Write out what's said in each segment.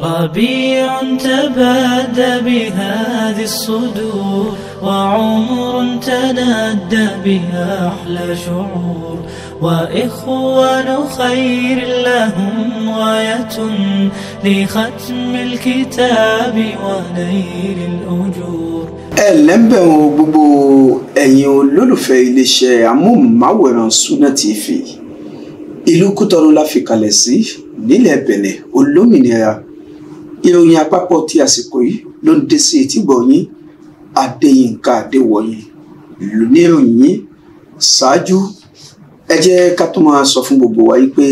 ربيع تبادى بهذه الصدور وعمر تنادى بها أحلى شعور وإخوان خير لهم غاية لختم الكتاب ونيل الأجور ألم بوبو أيو لولفي لشي عموم معورا سنتي في إلو كتر لفي كالسي نيلة بني أولو ìròyìn àpapọ̀ ti àsìkò yìí ló ń dé sí etígbọ̀ yín adéyínká adéwọ̀yìn lóníròyìn yín ṣáájú ẹ jẹ́ ká tó máa sọ fún gbogbo wa yìí pé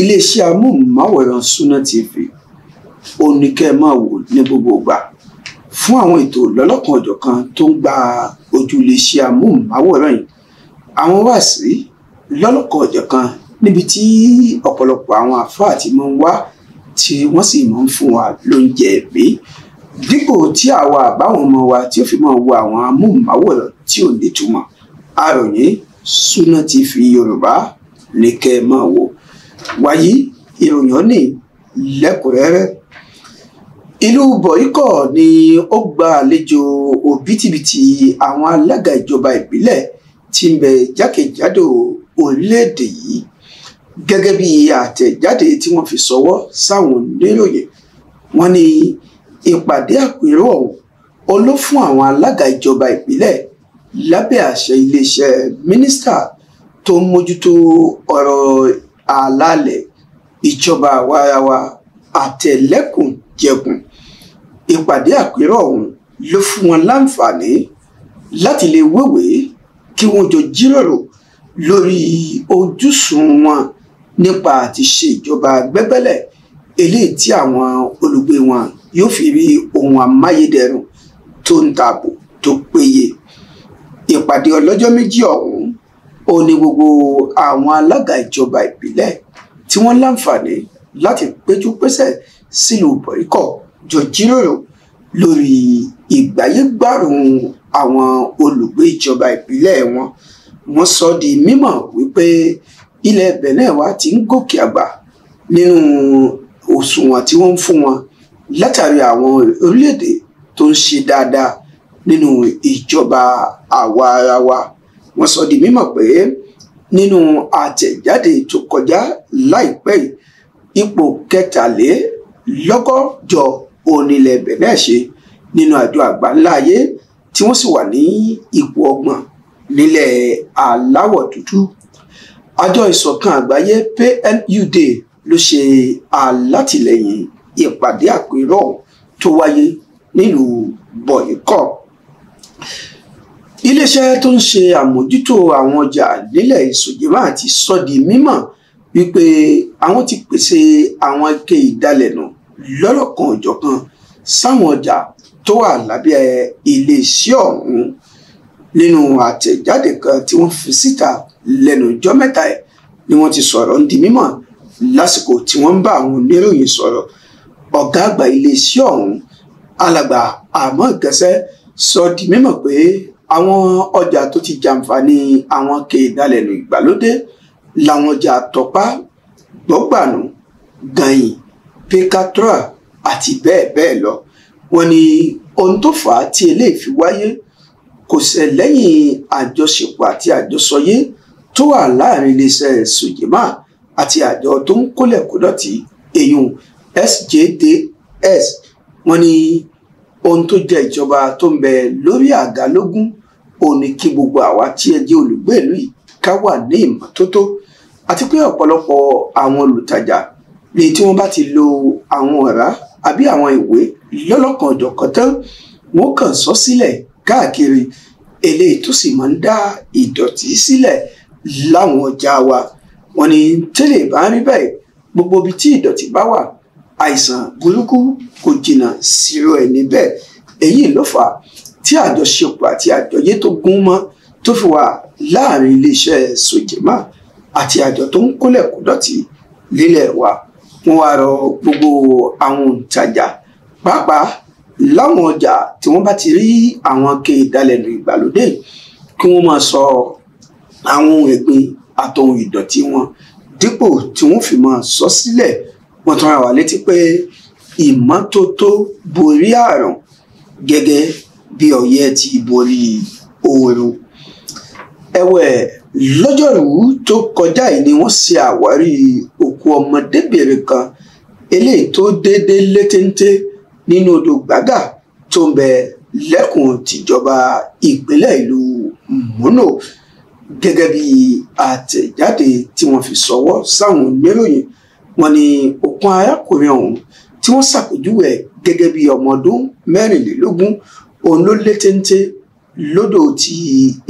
iléeṣẹ́ amóhùnmáwòrán Sunna TV ó ní kẹ́ ẹ máa wò ní gbogbo ìgbà fún àwọn ètò lọ́lọ́kan ọ̀jọ̀kan tó ń gba ojú iléeṣẹ́ amóhùnmáwòrán yìí àwọn wáàsí lọ́lọ́kan ọ̀jọ̀kan níbi tí ọ̀pọ̀lọpọ̀ àwọn àfáà ti máa ń wá tí wọ́n sì máa ń fún wa lóúnjẹ ẹ̀mí dípò tí àwa àbáwọn ọmọ wa tí ó fi máa wo àwọn amóhùnmáwòrán tí ò nítumọ̀ àròyìn Sunna TV Yorùbá ní kẹ́ ẹ máa wò wáyé ìròyìn ọ̀nì lẹ́kùnrẹ́rẹ́ ìlú bọ̀ríkọ̀ ni ó gba àlejò òbítíbitì àwọn alága ìjọba ìbílẹ̀ tí ń bẹ jákèjádò orílẹ̀-èdè yìí gẹ́gẹ́ bí àtẹ̀jáde tí wọ́n fi sọwọ́ sáwọn oníròyìn wọ́n ní ìpàdé àpérò ọ̀hún olófún àwọn alága ìjọba ìbílẹ̀ lábẹ́ àṣẹ iléeṣẹ́ mínísítà tó ń mójútó ọ̀rọ̀ àlàálẹ̀ ìjọba àwarawa àtẹ̀lẹ́kùn jẹkùn ìpàdé àpérò ọ̀hún ló fún wọn láǹfààní láti lè wéwèé kí wọ́n jọ jíròrò lórí ojúsùn wọn nípa àti ṣe ìjọba gbẹ́gbẹ́lẹ̀ eléyìí tí àwọn olùgbé wọn yóò fi rí ohun amáyédẹrùn tó ń dáàbò tó péye ìpàdé ọlọ́jọ́ méjì ọ̀hún ó ní gbogbo àwọn alága ìjọba ìbílẹ̀ tí wọ́n láǹfààní láti péjú pésẹ̀ sílùú bọ̀ríkọ̀ jọ jíròrò lórí ìgbáyégbárùn àwọn olùgbé ìjọba ìbílẹ̀ wọn wọ́n sọ di mímọ̀ wípé ilẹ̀ Benin wa ti ń gòkè àgbà nínú òṣùwọ̀n tí wọ́n ń fún wọn látàrí àwọn orílẹ̀-èdè tó ń ṣe dáadáa nínú ìjọba àwa ara wa wọ́n sọ di mímọ̀ pé nínú àtẹ̀jáde tó kọjá láìpẹ́ yìí ipò kẹtàlélọ́gọ́jọ onílẹ̀ Benin ṣe nínú àjọ àgbáńlá ayé tí wọ́n sì wà ní ipò ọgbọ̀n nílẹ̀ aláwọ̀ dúdú àjọ ìṣọ̀kan àgbáyé PNUD ló ṣe alátìlẹyìn ìpàdé àpérò tó wáyé nílùú bọ̀yìkọ́ iléeṣẹ́ tó ń ṣe àmójútó àwọn ọjà nílẹ̀ ìsòjìmá àti sọ́di mímọ̀ wípé àwọn ti pèsè àwọn ike ìdalẹ̀nà lọ́lọ́kan òjọ̀kan sáwọn ọjà tó wà lábẹ́ iléeṣẹ́ ọ̀hún nínú àtẹ̀jáde kan tí wọ́n fi síta lẹ́nu ọjọ́ mẹ́ta ẹ̀ ni wọ́n ti sọ̀rọ̀ ń di mímọ̀ lásìkò tí wọ́n ń bá àwọn oníròyìn sọ̀rọ̀ ọ̀gá àgbà iléeṣẹ́ ọ̀hún alàgbà àmọ́ ìgẹ́sẹ́ sọ di mímọ̀ pé àwọn ọjà tó ti jàǹfààní àwọn kéèdálẹ̀nù ìgbàlódé làwọn ọjà àtọ́pá gbọ́gbànú gànyìn pékátúrà àti bẹ́ẹ̀ bẹ́ẹ̀ lọ wọ́n ní ohun tó fà á tí eléyìí fi wáyé kò ṣẹ̀ lẹ́yìn àjọṣepọ̀ àti àjọsọyé tó wà láàrin iléeṣẹ́ sojima àti àjọ tó ń kólẹ̀ kódọ̀tì èyun sjds wọ́n ní ohun tó jẹ́ ìjọba tó ń bẹ lórí àga lógún òun ni kí gbogbo àwa tí ẹ jẹ́ olùgbé ìlú yìí ká wà ní ìmọ́tótó àti pé ọ̀pọ̀lọpọ̀ àwọn olùtajà ni tí wọ́n bá ti lo àwọn ọ̀rá àbí àwọn ìwé lọ́lọ́kan ọ̀jọ̀kan tán wọ́n kàn sọ sílẹ̀ káàkiri eléyìí tó sì máa ń dá ìdọ̀tí sílẹ̀ si láwọn ọjà wa wọ́n ní tẹ́lẹ̀ bá rí bẹ́ẹ̀ gbogbo ibi tí ìdọ̀tí bá wà àìsàn burúkú kò jìnnà sírò ẹ̀ níbẹ̀ èyí ló fà á tí àjọṣepọ̀ àti àjọyé tó gún mọ́ tó fi wà láàrin iléeṣẹ́ sojema àti àjọ tó ń kólẹ̀ kó dọ̀tí lílẹ̀ wa wọ́n wá rọ gbogbo àwọn òǹtajà pàápàá láwọn ọjà tí wọ́n bá ti rí àwọn ké ìgbàlódé kí wọ́n máa sọ àwọn ohun ìpín àtòhun ìdọ̀tí wọn dípò tí wọ́n fi máa sọ sílẹ̀ wọ́n tún ra wà létí pé ìmọ́tótó borí àrùn gẹ́gẹ́ bí ọ̀yẹ́ ti borí ooru ẹ̀wẹ̀ lọ́jọ́rùú tó kọjá yìí ni wọ́n ṣe àwárí òkú ọmọdébìnrin kan eléyìí tó déédéé létéńté nínú odò gbágà tó ń bẹ lẹ́kùn tìjọba ìpínlẹ̀ ìlú múnò. Mm -hmm gẹ́gẹ́ bí àtẹ̀jáde tí wọ́n fi sọwọ́ sáwọn oníròyìn wọ́n ní òkun arákùnrin ọ̀hún tí wọ́n ṣàpèjúwe gẹ́gẹ́ bí ọmọ ọdún mẹ́rìnlélógún òun ló lé téńté lódò tí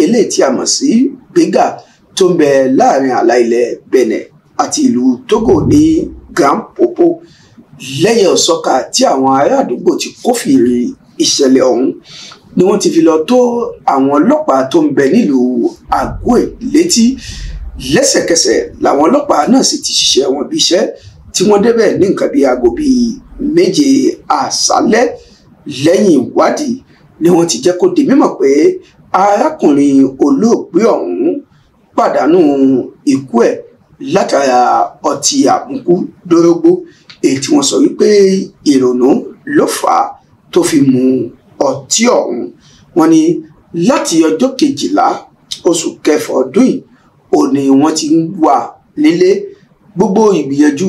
eléyìí tí a mọ̀ sí Bega tó ń bẹ láàrin àlà ilẹ̀ Benin àti ìlú Togo ní Grand Popo lẹ́yẹ ọ̀sọ́ka tí àwọn ará àdúgbò ti kófìrí ìṣẹ̀lẹ̀ ọ̀hún ni wọ́n ti fi lọ tó àwọn ọlọ́pàá tó ń bẹ nílùú Àgóè létí lẹ́sẹ̀kẹsẹ̀ làwọn ọlọ́pàá náà sì ti ṣiṣẹ́ wọn bí iṣẹ́ tí wọ́n débẹ̀ ní nǹkan bíi aago bíi méje àṣálẹ́ lẹ́yìn ìwádìí ni wọ́n ti jẹ́ kó di mímọ̀ pé arákùnrin olóògbé ọ̀hún pàdánù ikú ẹ̀ látara ọtí àmukú dórógbó èyí tí wọ́n sọ wípé ìrònú ló fà á tó fi mu ọtí ọ̀hún wọ́n ní láti ọjọ́ kejìlá oṣù kẹfà ọdún yìí òní wọ́n ti ń wà nílé gbogbo ìgbìyànjú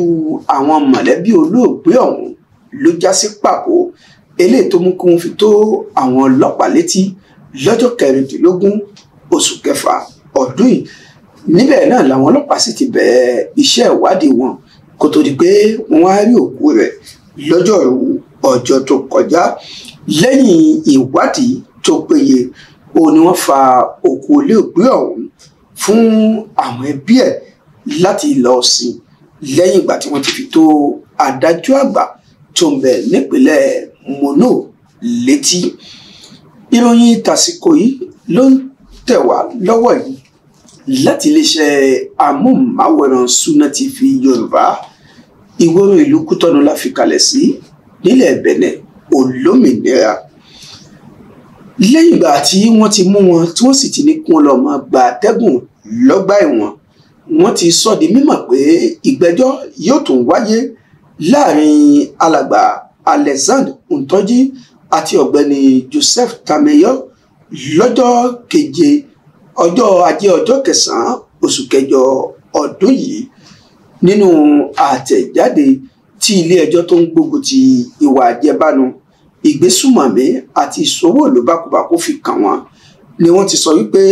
àwọn mọ̀lẹ́bí olóògbé ọ̀hún ló já sí pàbó eléyìí tó mú kí wọ́n fi tó àwọn ọlọ́pàá létí lọ́jọ́ kẹrìndínlógún oṣù kẹfà ọdún yìí níbẹ̀ náà làwọn ọlọ́pàá sì ti bẹ̀rẹ̀ iṣẹ́ ìwádìí wọn kó tó di pé wọ́n á rí òkú rẹ̀ lọ́jọ́ ọjọ́ tó kọjá lẹ́yìn ìwádìí tó péye òun ni wọ́n fa òkú olóògbé ọ̀hún fún àwọn ẹbí ẹ̀ láti lọ sí lẹ́yìn ìgbà tí wọ́n ti fi tó adájọ́ àgbà tó ń bẹ nípínlẹ̀ mono létí ìròyìn tàsíkò yìí ló ń tẹ̀ wá lọ́wọ́ yìí láti iléeṣẹ́ amóhùnmáwòrán Sunna TV Yorùbá ìwòrò ìlú Kútọ́nù la fi kalẹ̀ sí nílẹ̀ Bẹ̀nẹ̀ olómìnira lẹ́yìn ìgbà tí wọ́n ti mú wọn tí wọ́n sì ti ní kí wọ́n lọ máa gba àtẹ́gùn lọ́gbà ẹ̀wọ̀n wọ́n ti sọ di mímọ̀ pé ìgbẹ́jọ́ yóò tún wáyé láàrin alàgbà Alexander Ntọ́jí àti ọ̀gbẹ́ni Joseph Tameyo lọ́jọ́ keje ọjọ́ ajé ọjọ́ kẹsàn-án oṣù kẹjọ ọdún yìí nínú àtẹ̀jáde. No, tí ilé ẹjọ́ tó ń gbógun ti ìwà àjẹbánu ìgbésùmọ̀mí àti ìṣòwò ìlú bákubàkú fi kàn wọ́n ni wọ́n ti sọ wípé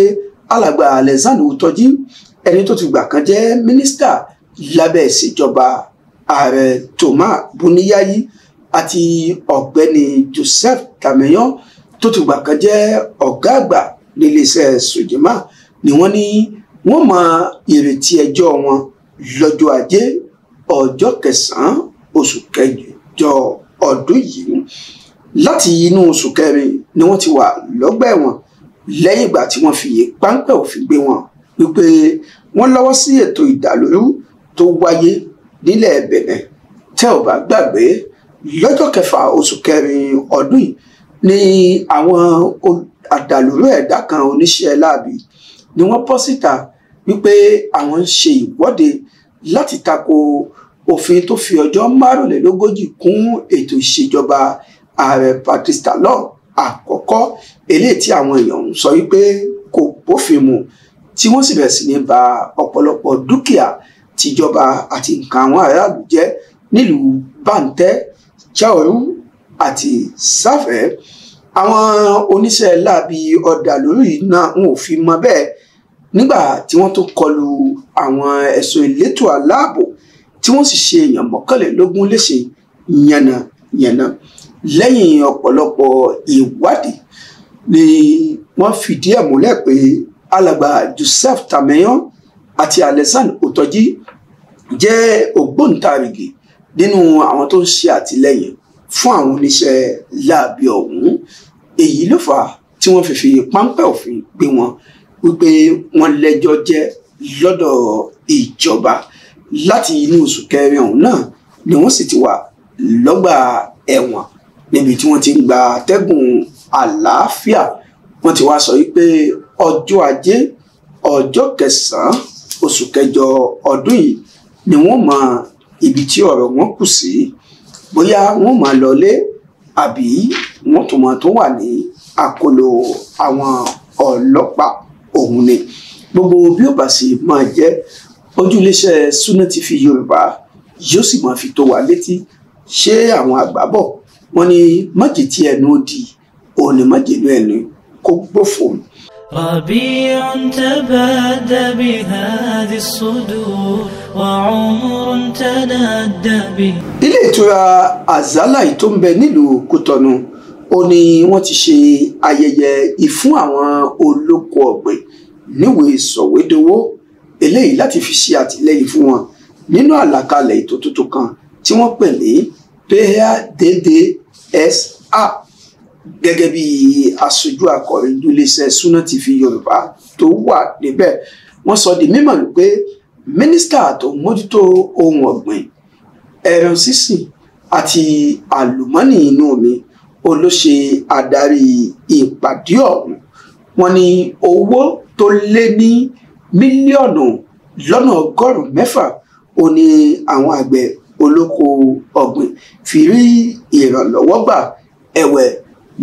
alàgbà Alexander Utoji ẹni tó ti gbà kan jẹ́ mínísítà lábẹ́ ìṣèjọba ààrẹ Thomas Buniyayi àti ọ̀gbẹ́ni Joseph Damiyan tó ti gbà kan jẹ́ ọ̀gá àgbà níléeṣẹ́ Sojima ni wọ́n ní wọ́n mọ ìrètí ẹjọ́ wọn lọ́jọ́ ajé ọjọ́ kẹsàn-án oṣù kẹjọ ọdún yìí láti inú oṣù kẹrin ni wọ́n ti wà lọ́gbà ẹ̀wọ̀n lẹ́yìn ìgbà tí wọ́n fi páńpẹ́ òfin gbé wọn wípé wọ́n lọ́wọ́ sí ètò ìdàlúrú tó wáyé nílẹ̀ Bẹ̀nẹ̀ tẹ́ ò bá gbàgbé lọ́jọ́ kẹfà oṣù kẹrin ọdún yìí ni àwọn àdàlúrú ẹ̀dá kan oníṣẹ́ láàbì ni wọ́n bọ́ síta wípé àwọn ń ṣe ìwọ́de láti tako òfin tó fi ọjọ́ márùnlélógójì kún ètò ìṣèjọba ààrẹ Patrice Talon àkọ́kọ́ eléyìí tí àwọn èèyàn ń sọ wípé kò bófin mu tí wọ́n sì bẹ̀rẹ̀ sí ní ba ọ̀pọ̀lọpọ̀ dúkìá tìjọba àti nǹkan àwọn aráàlú jẹ́ nílùú bàǹtẹ́ chaoru àti sáfẹ́ àwọn oníṣẹ́ láabi ọ̀dà lórí náà ń ò fi mọ bẹ́ẹ̀ nígbà tí wọ́n tó kọlu àwọn ẹ̀ṣọ́ elétò aláàbò tí wọ́n sì ṣe èèyàn mọ́kànlélógún léṣe yànnàyànnà lẹ́yìn ọ̀pọ̀lọpọ̀ ìwádìí ni wọ́n fìdí ẹ̀ múlẹ̀ pé alàgbà Joseph Tamayan àti Alexander Otoji jẹ́ ògbóǹtarìgì nínú àwọn tó ń ṣe àtìlẹ́yìn fún àwọn oníṣẹ́ láabi ọ̀hún èyí ló fà á tí wọ́n fi fi páńpẹ́ òfin gbé wọn wípé wọ́n lẹ́jọ́ jẹ́ lọ́dọ̀ ìjọba. E láti inú oṣù kẹrin ọ̀hún náà ni wọ́n sì ti wà lọ́gbà ẹ̀wọ̀n níbi tí wọ́n ti ń gba atẹ́gùn àlàáfíà wọ́n ti wá sọ wípé ọjọ́ ajé ọjọ́ kẹsàn-án oṣù kẹjọ ọdún yìí ni wọ́n mọ ibi tí ọ̀rọ̀ wọn kù sí bóyá wọ́n máa lọlé àbí wọ́n tó mọ tó wà ní àkólò àwọn ọlọ́pàá ọ̀hún ni gbogbo bí ó bá sì máa jẹ́ ojú iléeṣẹ́ Sunna TV Yorùbá yóò sì máa fi tó wa létí ṣé àwọn àgbà bọ̀ wọ́n ní májèlé tí ẹnu ó di òun ni májèlé ẹnu kó gbófò. ربيع تبادى بهذه الصدور وعمر تنادى به. ilé ìtura azalai tó ń bẹ nílùú kútọnù ó ní wọ́n ti ṣe ayẹyẹ ìfún àwọn olóko eléyìí láti fi ṣe àtìlẹyìn fún wọn nínú àlàkalẹ̀ ètò tuntun kan tí wọ́n pè ní PADDSA gẹ́gẹ́ bí aṣojú akọ̀rin iléeṣẹ́ Sunna TV Yorùbá tó wà níbẹ̀ wọ́n sọ di mímọ̀ wípé mínísítà tó mójútó ohun ọ̀gbìn ẹran sísìn àti àlùmọ́nì inú omi olóṣè adarí ìpàdé ọ̀hún wọ́n ní owó tó lé ní mílíọ̀nù lọ́nà ọgọ́rùn-ún mẹ́fà ó ní àwọn àgbẹ̀ olóko ọ̀gbìn fi rí ìrànlọ́wọ́ gbà ẹ̀wẹ̀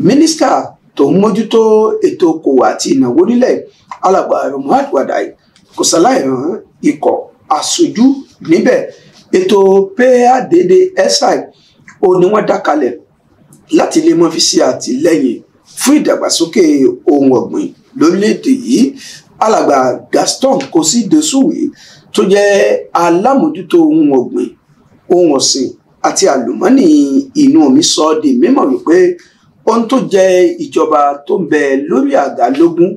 mínísítà tó ń mójútó ètò okòwò àti ìnáwó nílẹ̀ alàgbà Muhammed Wadai kò ṣàlàyàn ikọ̀ aṣojú níbẹ̀ ètò PADD SI ó ní wọ́n dá kalẹ̀ láti lè mọ́ fi ṣe àtìlẹ́yìn fún ìdàgbàsókè ohun ọ̀gbìn lórílẹ̀ yìí alàgbà Gaston Kossi-Dessouwe tó jẹ́ alámòjútó ohun ọ̀gbìn ohun ọ̀sìn àti àlùmọ́nì inú omi sọ ọ́ di mímọ̀ wípé ohun tó jẹ́ ìjọba tó ń bẹ lórí àga lógún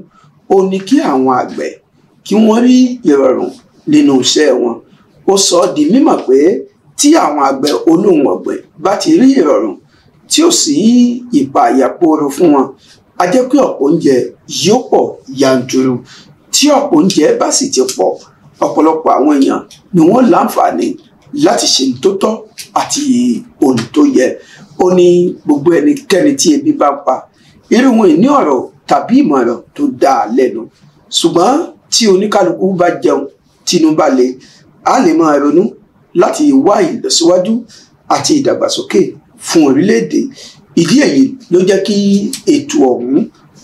ó ní kí àwọn àgbẹ̀ kí wọ́n rí ìrọ̀rùn nínú iṣẹ́ wọn ó sọ ọ́ di mímọ̀ pé tí àwọn àgbẹ̀ olóhùn ọ̀gbìn bá ti rí ìrọ̀rùn tí ó sì ìpààyà pooro fún wọn a jẹ́ pé ọ̀pọ̀ oúnjẹ yóò pọ̀ yanturu tí ọ̀pọ̀ oúnjẹ bá sì ti pọ̀ ọ̀pọ̀lọpọ̀ àwọn èèyàn ni wọ́n láǹfààní láti ṣe ohun tó tọ́ àti ohun tó yẹ ó ní gbogbo ẹnikẹ́ni tí ebi bá ń pa irú wọn ní ọ̀rọ̀ tàbí ìmọ̀ràn tó dáa lẹ́nu ṣùgbọ́n tí oníkálukú bá jẹun tínú bá le a lè máa ronú láti wá ìlọsíwájú àti ìdàgbàsókè fún orílẹ̀-èdè ìdí èyí ló jẹ́ kí ètò ọ̀hún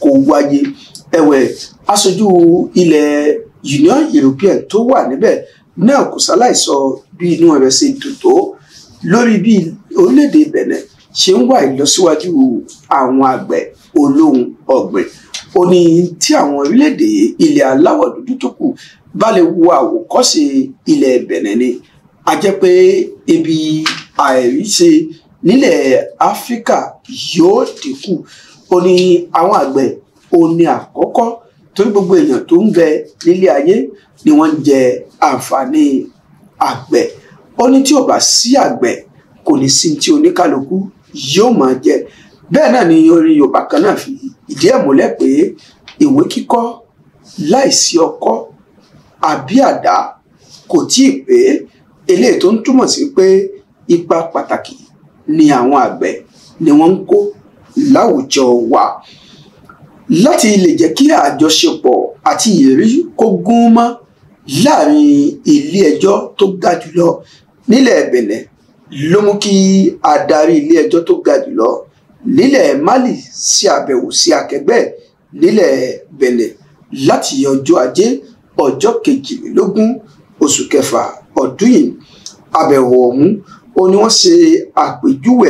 kó wáyé ẹ̀wẹ̀ aṣojú ilẹ̀ Union European tó wà níbẹ̀ náà kò ṣaláìsọ bí inú rẹ̀ ṣe dùn tó lórí bí orílẹ̀-èdè Benin ṣe ń wà ìlọsíwájú àwọn àgbẹ̀ olóhun ọ̀gbìn ó ní tí àwọn orílẹ̀-èdè ilẹ̀ aláwọ̀ dúdú tó kù bá lè wo àwòkọ́ṣe ilẹ̀ Benin ni a jẹ́ pé ebi àìríṣe nílẹ̀ Áfíríkà yóò dínkù ó ní àwọn àgbẹ̀ Oni àkọ́kọ́ torí gbogbo èèyàn tó ń bẹ nílé ayé ni wọ́n ń jẹ àǹfààní àgbẹ̀ ó ní tí ò bá sí àgbẹ̀ kò ní sí tí oníkálukú yóò máa jẹ bẹ́ẹ̀ náà ni orin Yorùbá kan náà fi ìdí ẹ̀ múlẹ̀ pé ìwé kíkọ́ láìsí ọkọ́ àbí àdá kò tí ì pé eléyìí tó ń túmọ̀ sí pé ipa pàtàkì ni àwọn àgbẹ̀ ni wọ́n ń kó láwùjọ wa láti lè jẹ́ kí àjọṣepọ̀ àti ìrírí kó gún mọ́ láàrin ilé ẹjọ́ tó ga jùlọ nílẹ̀ Benin ló mú kí adarí ilé ẹjọ́ tó ga jùlọ nílẹ̀ Mali ṣe àbẹ̀wò sí akẹgbẹ́ nílẹ̀ Benin láti ọjọ́ ajé ọjọ́ kejìlélógún oṣù kẹfà ọdún yìí àbẹ̀wò ọ̀hún ó ní wọ́n ṣe àpèjúwe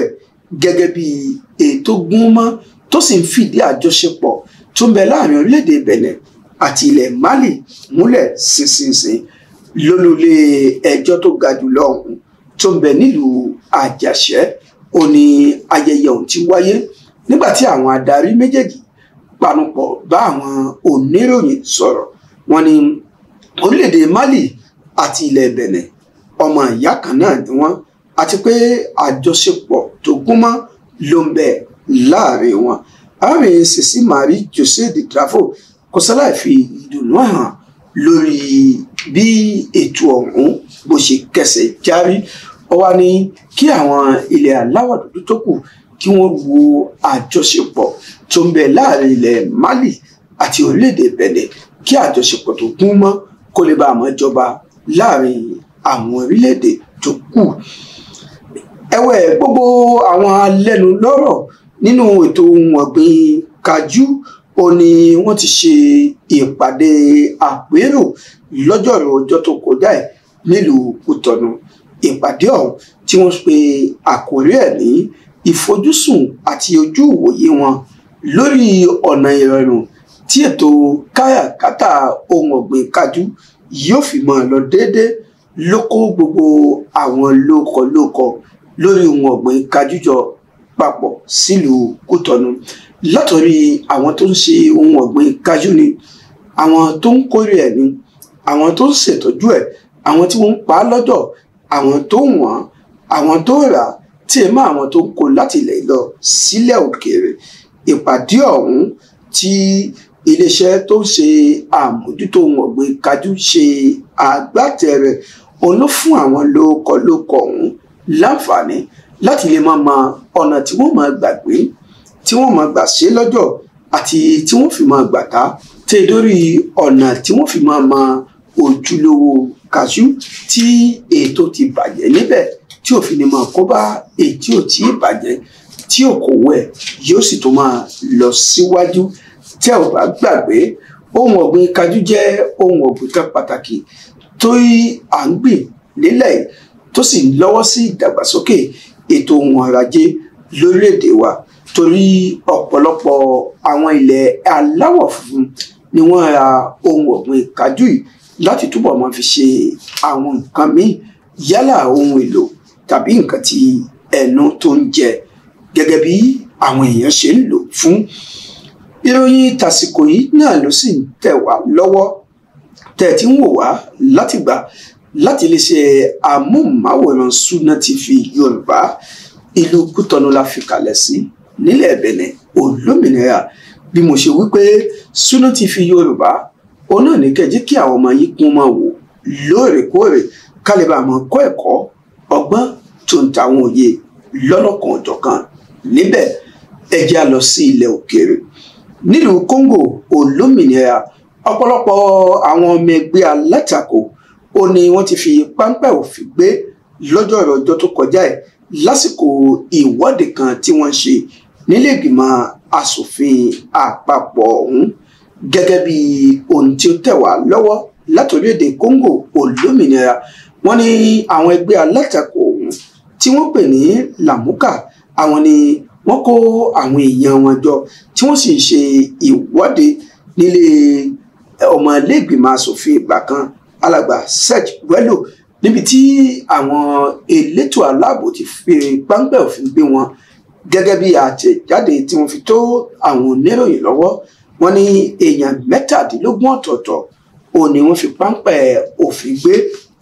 gẹ́gẹ́ bí ètò gúnmọ́ tó sì ń fìdí àjọṣepọ̀ tó ń bẹ láàrin orílẹ̀-èdè Benin àti ilẹ̀ Mali múlẹ̀ ṣinṣinṣin lólulẹ̀ ẹjọ́ tó ga jùlọ ọ̀hún tó ń bẹ nílùú Àjàṣẹ́ ó ní ayẹyẹ ọ̀hún ti wáyé nígbà tí àwọn adarí méjèèjì panupọ̀ bá àwọn oníròyìn sọ̀rọ̀ wọ́n ní orílẹ̀-èdè Mali àti ilẹ̀ Benin ọmọ ìyá kan náà ni wọ́n àti pé àjọṣepọ̀ tó gúnmọ́ ló ń bẹ láàrin wọn arábìnrin sèṣì marie josé de trafo kò sáláì fi ìdùnnú hàn lórí bí ètò ọ̀hún bó ṣe kẹsẹ̀ járí ó wá ní kí àwọn ilẹ̀ aláwọ̀ dúdú tó kù kí wọ́n wo àjọṣepọ̀ tó ń bẹ láàrin ilẹ̀ mali àti orílẹ̀-èdè benin kí àjọṣepọ̀ tó gún mọ́ kó lè bá àmọ́ jọba láàrin àwọn orílẹ̀-èdè tó kù ẹ̀wẹ̀ gbogbo àwọn alẹ́nu lọ́rọ̀ nínú ètò ohun ọ̀gbìn kájú ó ní wọ́n ti ṣe ìpàdé àpérò lọ́jọ́rò ọjọ́ tó kọjá ẹ̀ nílùú Kútọ̀nù ìpàdé ọ̀hún tí wọ́n pe àkórí ẹ̀ ní ìfojúsùn àti ojú ìwòye wọn lórí ọ̀nà ìrọ̀rùn tí ètò káyàkátà ohun ọ̀gbìn kájú yóò fi máa lọ déédéé ló gbogbo àwọn lóko lóko lórí ohun ọ̀gbìn kájú jọ papọ̀ sílùú kútọ́nù látọ̀rí àwọn tó ń ṣe ohun ọ̀gbìn kájú ni àwọn tó ń kórè ẹ̀ ni àwọn tó ń ṣètọ́jú ẹ̀ àwọn tí wọ́n ń pa á lọ́dọ̀ àwọn tó wọ̀n àwọn tó rà tí ẹ mọ àwọn tó ń kó láti ilẹ̀ lọ sílẹ̀ òkèèrè ìpàdé ọ̀hún tí iléeṣẹ́ tó ń ṣe àmójútó ohun ọ̀gbìn kájú ṣe agbátẹrẹ òun ló fún àwọn lóókọ ọ̀hún láǹfààní láti lè máa mọ ọ̀nà tí wọ́n máa gbàgbé tí wọ́n máa gbà ṣe lọ́jọ́ àti tí wọ́n fi máa gbàtà tẹ dórí ọ̀nà tí wọ́n fi máa mọ ojúlówó kaṣú tí ètò ti bàjẹ́ níbẹ̀ tí òfin ni máa kó bá ètí ò tí ì bàjẹ́ tí òkòwò ẹ̀ yóò sì tún máa lọ síwájú tẹ́ ò bá gbàgbé ohun ọ̀gbìn kajú jẹ́ ohun ọ̀gbìn kan pàtàkì tó à ń gbìn nílẹ̀ tó sì lọ́wọ́ sí ìdàgbàsókè ètò ohun ọrọ̀ ajé lórílẹ̀‐èdè wa torí ọ̀pọ̀lọpọ̀ àwọn ilẹ̀ aláwọ̀ funfun ni wọ́n ra ohun ọ̀gbìn kájú yìí láti túbọ̀ máa fi ṣe àwọn nǹkan míì yálà ohun èlò tàbí nǹkan tí ẹnu tó ń jẹ gẹ́gẹ́ bí àwọn èèyàn ṣe ń lò fún ìròyìn tàsìkò yìí náà ló sì ń tẹ̀ wá lọ́wọ́ tẹ̀ tí ń wò wá látìgbà láti iléeṣẹ́ amóhùnmáwòrán Sunna TV Yorùbá ìlú Kútọ́nù la fi kalẹ̀ sí nílẹ̀ Bẹ̀nẹ̀ olómìnira bí mo ṣe wí pé Sunna TV Yorùbá òun náà ní kẹjí kí àwọn ọmọ yìí kún máa wò lóòrèkóòrè ká lè bá máa kọ́ ẹ̀kọ́ ọgbọ́n tó ń ta àwọn òye lọ́lọ́kan ọ̀jọ̀kan níbẹ̀ ẹ jẹ́ lọ sí ilẹ̀ òkèèrè nílùú Kóńgò olómìnira ọ̀pọ̀lọpọ̀ àwọn ọmọ ẹgbẹ́ alátakò ó ní wọ́n ti fi páńpẹ́ òfin gbé lọ́jọ́ ìrọ̀jọ́ tó kọjá ẹ̀ lásìkò ìwọ́de kan tí wọ́n ṣe nílé ìgbìmọ̀ asòfin àpapọ̀ ọ̀hún gẹ́gẹ́ bí ohun tí ó tẹ̀ wá lọ́wọ́ látòlóde Congo olómìnira wọ́n ní àwọn ẹgbẹ́ alátakò ọ̀hún tí wọ́n pè ní Lamuka àwọn ni wọ́n kó àwọn èèyàn wọn jọ tí wọ́n sì ń ṣe ìwọ́de nílé ọmọ ilé asòfin ìgbà kan alàgbà serge bello níbi tí àwọn elétò aláàbò ti fi páńpẹ́ òfin gbé wọn gẹ́gẹ́ bí àtẹ̀jáde tí wọ́n fi tó àwọn oníròyìn lọ́wọ́ wọ́n ní èèyàn mẹ́tàdínlógún ọ̀tọ̀ọ̀tọ̀ ò ní wọ́n fi páńpẹ́ òfin gbé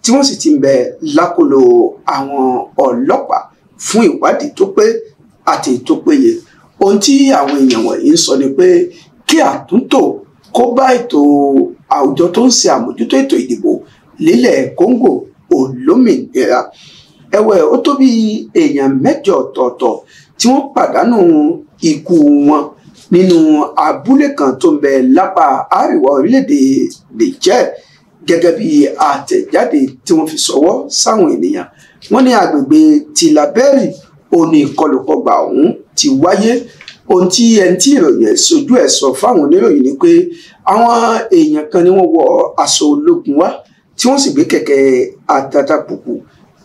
tí wọ́n sì ti ń bẹ lákòlò àwọn ọlọ́pàá fún ìwádìí tó pé àti tó péye ohun tí àwọn èèyàn wọ̀nyí ń sọ ni pé kí àtúntò kó bá ètò àwùjọ tó ń ṣe àmójútó ètò ìdìbò lílẹ̀ Congo olómìnira ẹ̀wẹ̀ ó tó bí èèyàn mẹ́jọ ọ̀tọ̀ọ̀tọ̀ tí wọ́n pàdánù ikú wọn nínú abúlé kan tó ń bẹ lápá àríwá orílẹ̀-èdè Niger gẹ́gẹ́ bí àtẹ̀jáde tí wọ́n fi ṣọwọ́ sáwọn ènìyàn wọ́n ní agbègbè tìlábẹ́rì òní ìkọlùkọgbà ọ̀hún ti wáyé ohun tí ẹni tí ìròyìn ẹ̀ sojú ẹ̀ sọ fáwọn oníròyìn ni pé àwọn èèyàn kan ni wọ́n wọ aṣọ ológun wá tí wọ́n sì gbé kẹ̀kẹ́ àtàtàpùpù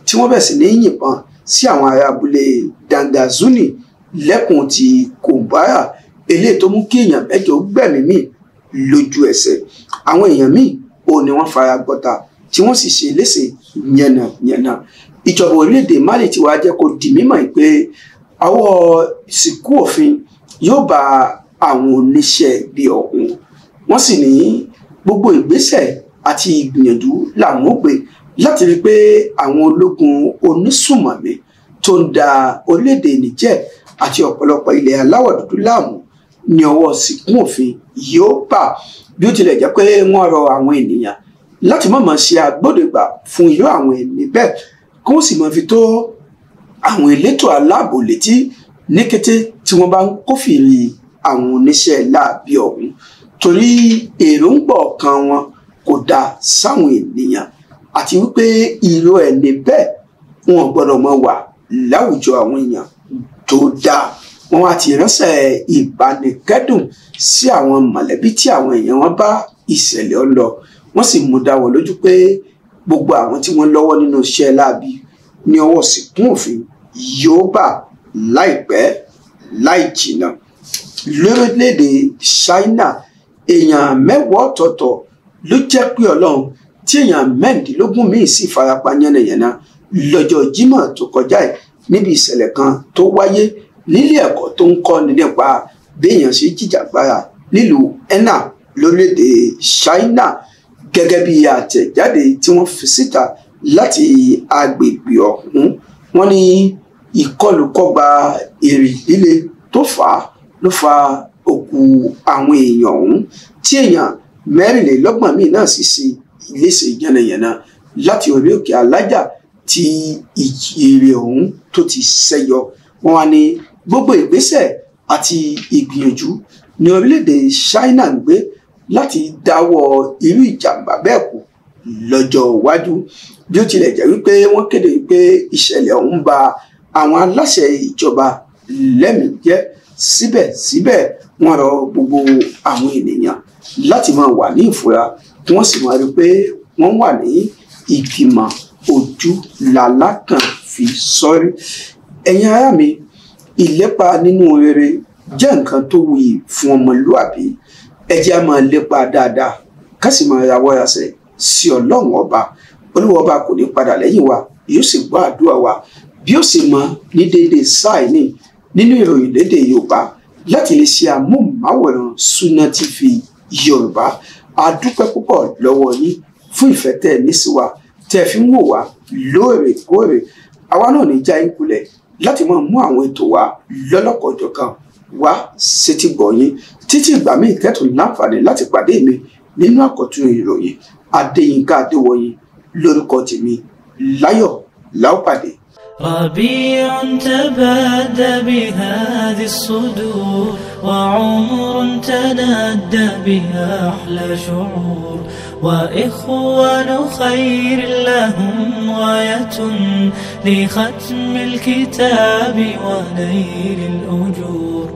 tí wọ́n bẹ̀ sí ní yìnbọn sí àwọn ará abúlé Dangazuni lẹ́kùn ti Kòbárà eléyìí tó mú kí èèyàn mẹ́jọ gbẹ̀mí mì lójú ẹsẹ̀ àwọn èèyàn míì ò ní wọ́n fara gbọ́ta tí wọ́n sì ṣe léṣe yànnàyànnà ìjọba orílẹ̀ Mali ti wá jẹ́ kó di mímọ̀ pé àwọ̀ sìnkú òfin yóò bá àwọn oníṣẹ́ ibi ọ̀hún wọ́n sì ní gbogbo ìgbésẹ̀ àti ìgbìyànjú làwọn ó gbé láti rí i pé àwọn ológun onísùmọ̀mí tó ń da orílẹ̀-èdè Niger àti ọ̀pọ̀lọpọ̀ ilẹ̀ aláwọ̀ dúdú láàmú ní ọwọ́ sìnkún òfin yóò bà bí ó tilẹ̀ jẹ́ pé wọ́n rọ àwọn ènìyàn láti má ṣe agbódegbà fún irú àwọn ẹ̀mí bẹ́ẹ̀ kí sì máa fi tó àwọn elétò aláàbò létí ní kété tí wọ́n bá ń kófìrí àwọn oníṣẹ́ láàbí ọ̀hún torí èròǹgbà ọkàn wọn kò dáa sáwọn ènìyàn àti wípé irú ẹni bẹ́ẹ̀ wọn gbọ́dọ̀ mọ wà láwùjọ àwọn èèyàn tó dáa wọn wá ti ránṣẹ́ ìbánikẹ́dùn sí àwọn mọ̀lẹ́bí tí àwọn èèyàn wọn bá ìṣẹ̀lẹ̀ ọlọ wọ́n sì mú dáwọ́ lójú pé gbogbo àwọn tí wọ́n lọ́wọ́ nínú iṣẹ́ láabi ní ọwọ́ sìnkún òfin yóò bá láìpẹ́ láì jìnnà lórílẹ̀‐èdè China èèyàn mẹ́wàá ọ̀tọ̀ọ̀tọ̀ ló jẹ́ pé ọlọ́run tí èèyàn mẹ́rìndínlógún míì sì farapa yánnayànna lọ́jọ́ Jímọ̀ tó kọjá ẹ̀ níbi ìṣẹ̀lẹ̀ kan tó wáyé nílé ẹ̀kọ́ tó ń kọ́ni nípa béèyàn ṣe jìjàgbara nílùú enna lórílẹ̀‐èdè China gẹ́gẹ́ bí àtẹ̀jáde tí wọ́n fi síta láti agbègbè ọ̀hún wọ́n ní ìkọlùkọgba èrè líle tó fà á ló fa òkú àwọn èèyàn ọ̀hún tí èèyàn mẹ́rìnlélọ́gbọ̀n míì náà sì ṣe ìléṣe yánnayànna láti orí òkè alájà tí èrè ọ̀hún tó ti ṣẹyọ wọn wá ní gbogbo ìgbésẹ̀ àti ìgbìyànjú ní orílẹ̀-èdè China ń gbé láti dáwọ́ irú ìjàmbá bẹ́ẹ̀ kù lọ́jọ́ iwájú bí ó tilẹ̀ jẹ́ wípé wọ́n kéde wípé ìṣẹ̀lẹ̀ ọ̀hún ba àwọn aláṣẹ ìjọba lẹ́mìí jẹ́ síbẹ̀síbẹ̀ wọ́n rọ gbogbo àwọn ènìyàn láti máa wà ní ìfura wọ́n sì máa rí pé wọ́n wà ní ìgbìmọ̀ ojú làlá fi sọ́rí ẹ̀yin ará mi ìlépa nínú rere jẹ́ nǹkan tó wuyì fún ọmọlúàbí ẹ jẹ́ a máa lépa dáadáa ká sì máa rawọ́ ẹsẹ̀ sí ọlọ́run ọba olúwa ọba kò ní padà lẹ́yìn wa yóò sì gbọ́ àdúrà wa bí ó sì mọ ní déédéé sáà ní nínú ìròyìn lédè yorùbá láti lè ṣe àmúhùnmáwòrán Sunna TV yorùbá a dúpẹ́ púpọ̀ lọ́wọ́ yín fún ìfẹ́ tẹ́ ẹ ní sí wa tẹ́ ẹ fi ń wò wá lóòrèkóòrè àwa náà ní já yín kulẹ̀ láti máa mú àwọn ètò wa lọ́lọ́kọ̀ọ́jọ̀kan wá sétí gbọ̀nyín títí ìgbà míì tẹ́tùn láǹfààní láti pàdé mi nínú àkọ́tún ìròyìn adéyínká adéwọyìn lórúkọ tèmi láyọ̀ láòpàdé ربيع تبادى بهذه الصدور وعمر تنادى بها أحلى شعور وإخوان خير لهم غاية لختم الكتاب ونيل الأجور